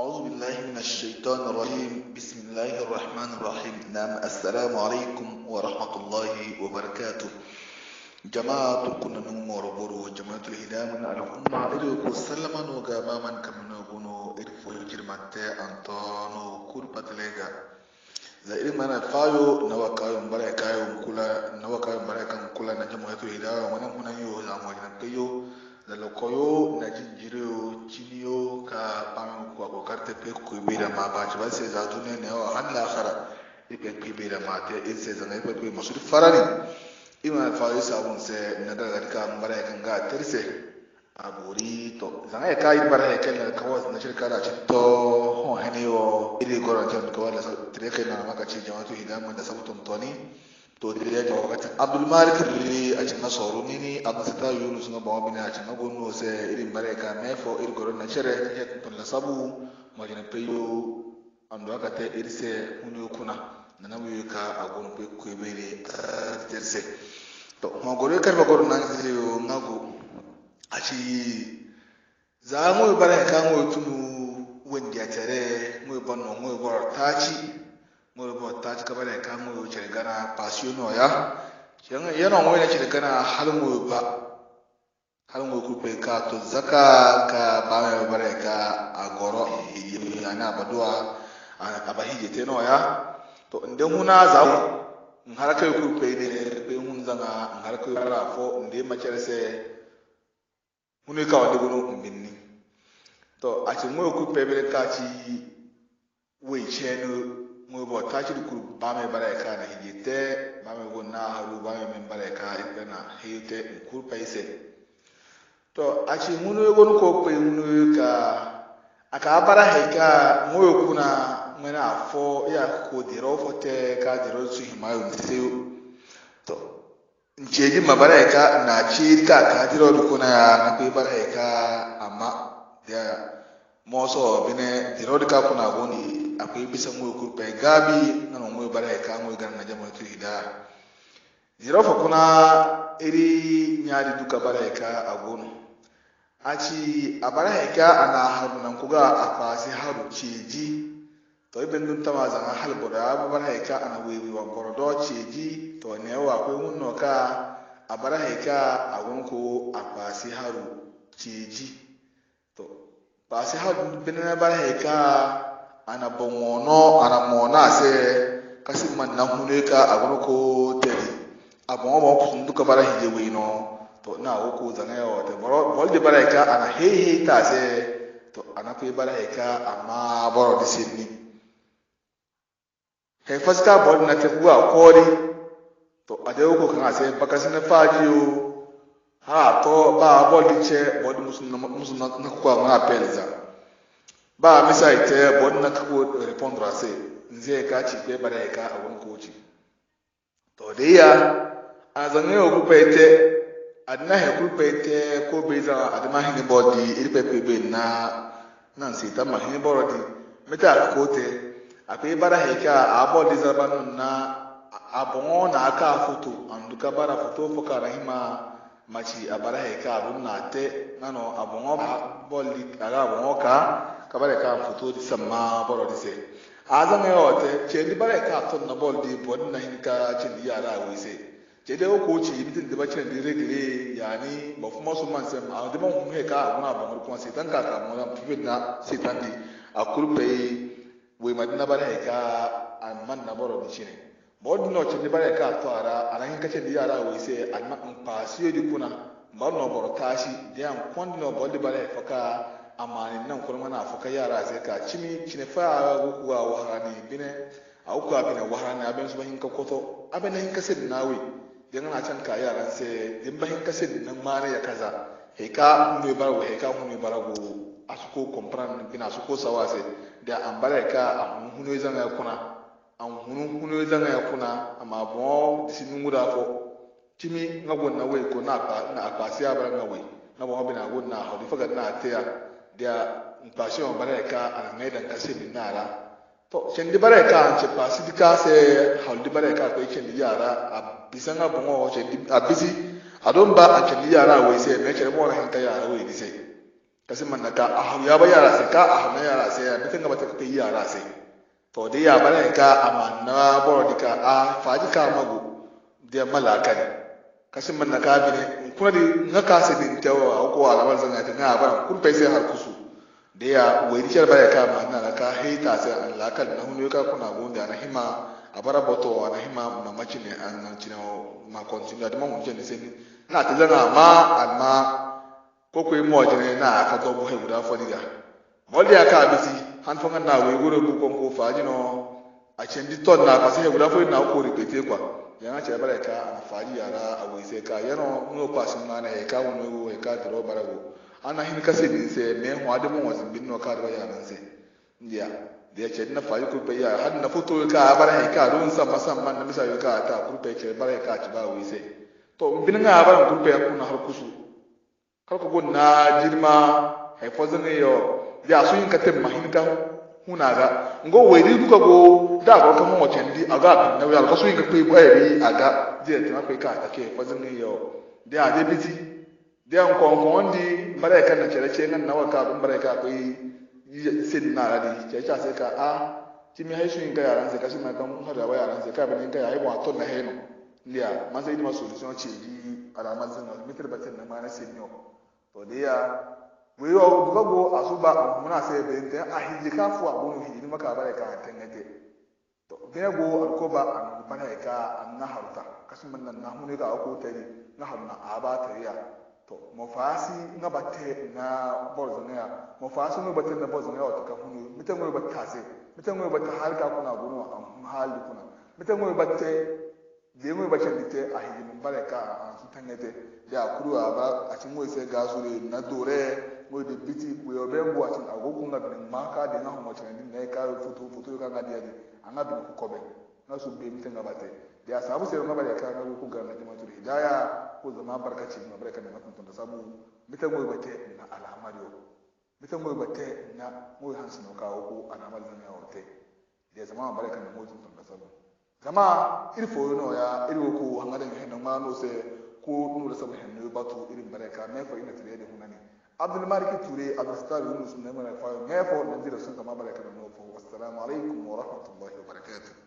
أعوذ بالله من الشيطان الرجيم بسم الله الرحمن الرحيم نعم السلام عليكم ورحمة الله وبركاته جماعة كنا نوم برو جماعة الهدام نعم، الأمة إليكو وسلم وقاما من كمنا نقول إرفو جرمت أنطانو كوربة لغا zairi mana fayo nawa kayon bara kayon kula nawa kayon bara kan kula na jama'a to hidawa wannan kunan yo zalokoyo na jinjiriyo ciniyo ka pamin ko ko karte pe ko be da ma ba ba se za dunya ne o han la khara ipe pe be e e e da ma te in se zanga ipe pe musul farani ima fa yi sabun se na daga ka mara kan ga terse a bori to zanga ka yi bara kan na kawas na shirka ci to hon haniyo ile goran kan ko wala tare kai na maka ce jama'atu hidaman da sabutun toni to diriya jama kati abdul malik ri a cikin soro ni ni a masata yunus na bawa bina a cikin gonu se irin mareka me fo iri na chere ya kun la sabu majina peyo ando aka te iri hunyo kuna na namu ka a gonu pe kwebere terse to ma goro karba goro na ni yo ngago a ci za mu bare kan wo tunu wanda ya tare mu ban no mu bar ta ci murabba ta cika bane da mu cirgana pasiyono ya yana wani cirgana hal mu ba hal mu ku pe ka to zaka ka ba mai bare ka a yana hiji abahije n'o ya to inda muna za in har kai ku pe ne pe mun zanga in har kai ku rafo inda mace rase muni ka wani gudu binni to a cikin mu ku pe bare ka ci wai ne. ŋo bo tachiri kuru bame bara ka na hijite bame go na haru bame men bara ka ipe na hiyute nkur paise to achi munu ego nuko pe munu ka aka bara heka na kuna na afo ya ko diro fote ka diro su himayo mteu to ncheji mabara ka na chiri ka ka diro dukuna na pe bara ka ama ya moso bine irodi e ka kuna ebisa nwa bisa mu kurpe bi, na mu bara ka nwa gar na jama'a tu hida irofa eri iri nyari duka bara e ka agonu aci a bara e ka ana haru nan kuga a kwasi haru ceji to ibin dun tama zan halbura abụ bara ka ana wewi wa gorodo ceji na ewe wa akwai munno ka a bara ka agon ko a kwasi haru ceji baasi ha bene na bara heka anabɔŋɔnɔ anamɔnɔ ase kasi manna ka agbɔnɔ ko tɛli abɔŋɔ bɔn kutu ka bara hije wei nɔ na o ko zanga bɔrɔ bɔli bara ana hehe ta ase a ana pe bara heka ama bɔrɔ de se ni na ku a kɔɔri a de ha atọ baa bɔlikyɛ bɔdi musu nakoko a ŋa pɛlza baa misa itɛ bɔdi nakoko eh, rɛpɔndra se nzie yɛ chi kyi bara yɛ e, kaa awon kookyi tɔɔde ya azaŋa yɛ oku pɛɛtɛ adina hɛ kuru pɛɛtɛ ko beza adama hini bɔdi iri pɛpɛ be na nansi tama hini bɔrɔdi mita akoko tɛ akpɛ bara hɛ kaa abɔdi zaba nu na abɔŋɔ na aka foto anduka bara foto fo kaa rahima. machi abara heka abu na te nano abongo boli aga abongo ka kabare ka foto di samma boro di se azan ya wote che di bare ka ton na bol di bod na hin ka che di yara wi se che de ko chi bitin de bachin di regle yani ba kuma su man sem a de ba mun heka abu na abongo kuma se tan ka ka mo na pipit na se tan di akul pe we madina bare heka an man na boro di chine mɔgɔ dun na ɔkyɛ nipa yɛ kaa tɔ ara anahin kakyɛ ne yara a wɔyi sɛ ana mpaasuo di kuna mɔgɔ na ɔbɔrɔ taasi deɛ nkɔn na ɔbɔrɔ ba yɛ fɔ amaani na nkɔnɔma na ka yara a sɛ kaa kyimi kyinɛ fa a a wahara ne bene a a bene wahara ne abɛn so kɔtɔ abɛn na di naawe deɛ ŋana akyɛn ka yara deɛ ba di na ne kaza heka bara heka bara asoko kɔmpran asoko an hunu hunu zanga ya kuna ama bon disi nunguda fo timi nga na wei ko na pa na pa si abara nga wei na bo hobi na gonna ho di faga na atea dia mpasi on bare ka an ngai dan kase bin nara to chen di bare ka an che pasi di ka se ho di bare ka ko chen di yara a bisanga bon ho chen di a bisi adon ba a chen di yara wei se me chen mo na hin ka yara wei di se kasi man na ka a ya ba yara se ka a na yara se ya bitin ga ba ta ka yara se to dai ya bare ka amanna boro dika a faji ka mago da malaka ne kashin man k'a bi ne kuma ne na ka sai din tawa ko a alamar zanga ta na ban kun fai sai har kusu da ya wai dikar bare ka amanna na ka heita sai an lakal na hunu ka kuna gonda na hima a bara boto na hima mamaci ne an nan cinawo ma continue da mun je ne sai na ta zana ma alma ko ko yi mu na aka to bu he guda fodiga mɔlde ya kaa bisi han fanga na wei wuro ku ko faji no a chendi ton na pasi he wulafo na ko ripete kwa yana chere ka ana yara a wei sɛ ka yano no pasi na na yɛ ka wono wo he ka bara go ana hin kase din se mɛ ho ade mo wazin bin no ka dro yana se ndiya da ya di na fayi kurpe ya har na fito ka bara yɛ ka don sa masan man na misa ka ta kurpe ke bara ka ba bara na ya so yin katem mahinka huna ga ngo weri duka go da go kan mo chendi aga na wi so yin ka kwe boy aga je te ma kwe ka ake fazin ni yo de a de biti de an kon kon di bare kan na chere che nan na wa ka dun bare ka kwe sin na ra di che cha se ka a ti mi haisu yin ka yaran se ka shi ma kan ha da wa yaran se ka ba ni ka yayi wa to na he no liya ma sai ni ma solution ce di alamar zin mitir batin na ma na sin yo to de ya wei ɔ buka go asoba ɔmuna asɛ ɛbɛnte ahidikafo a wɔn hidi maka abala ɛka atɛnɛte tɔ bɛɛ go alukoba anubana ɛka ka kasuma na nahunu ka ɔkɔ tɛri naharu na aba tɛri na tɔ mɔfaasi nga ba tɛ na bɔl zɔnɛ a mɔfaasi nga ba na bɔl zɔnɛ a ɔtɔ ka hunu mitɛ nga ba taase mitɛ nga ka kuna a bolo a hun hali kuna mitɛ nga ba demu ibacandite ahirima bareka ansutanete yakuru aba na dore nadore ngode biti buyo bembo achin agokunga bin maka de na homo chani ne ka futu futu ka ngadi ade bi ku kobe na su bi be mitenga bate de asabu se ma bareka na gokunga na jama turi hidaya ko zama barkaci ma bareka na matun da sabu mitengo bate na alamario mitengo bate na moyo hansino kawo ko anamal zan yawote de zama bareka na motun da sabu kama iri fo no ya iri ko hanga da hen ma no se ko no da sabu hen no ba to iri baraka me fa ina tire da hunani abdul malik ture abdul star yunus ne mara fa me fa da dira sun kama baraka no fa wassalamu alaikum wa rahmatullahi wa barakatuh